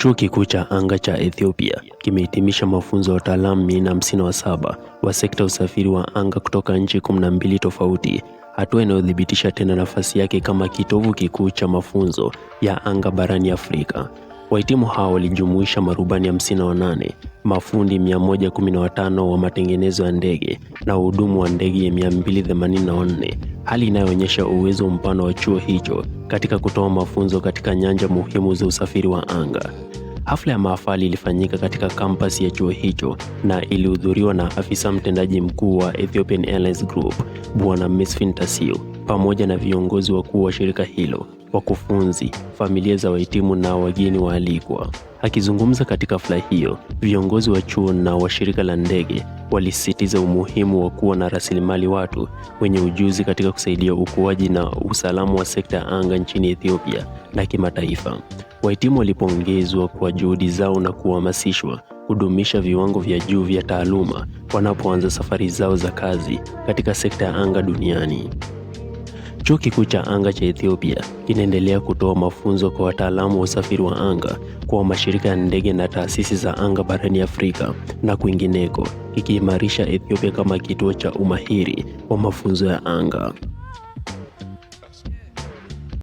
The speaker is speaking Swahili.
Chuo kikuu cha anga cha Ethiopia kimehitimisha mafunzo ya wataalamu 157 wa sekta usafiri wa anga kutoka nchi 12 tofauti, hatua inayothibitisha tena nafasi yake kama kitovu kikuu cha mafunzo ya anga barani Afrika. Wahitimu hao walijumuisha marubani 58, mafundi 115 wa matengenezo ya ndege na wahudumu wa ndege 284, hali inayoonyesha uwezo mpana wa chuo hicho katika kutoa mafunzo katika nyanja muhimu za usafiri wa anga. Hafla ya mahafali ilifanyika katika kampasi ya chuo hicho na ilihudhuriwa na afisa mtendaji mkuu wa Ethiopian Airlines Group Bwana Mesfin Tasio pamoja na viongozi wakuu wa shirika hilo, wakufunzi, familia za wahitimu na wageni waalikwa. Akizungumza katika hafla hiyo, viongozi wa chuo na wa shirika la ndege walisisitiza umuhimu wa kuwa na rasilimali watu wenye ujuzi katika kusaidia ukuaji na usalama wa sekta ya anga nchini Ethiopia na kimataifa. Wahitimu walipongezwa kwa juhudi zao na kuhamasishwa kudumisha viwango vya juu vya taaluma wanapoanza safari zao za kazi katika sekta ya anga duniani. Chuo Kikuu cha Anga cha Ethiopia kinaendelea kutoa mafunzo kwa wataalamu wa usafiri wa anga kwa mashirika ya ndege na taasisi za anga barani Afrika na kwingineko, ikiimarisha Ethiopia kama kituo cha umahiri wa mafunzo ya anga.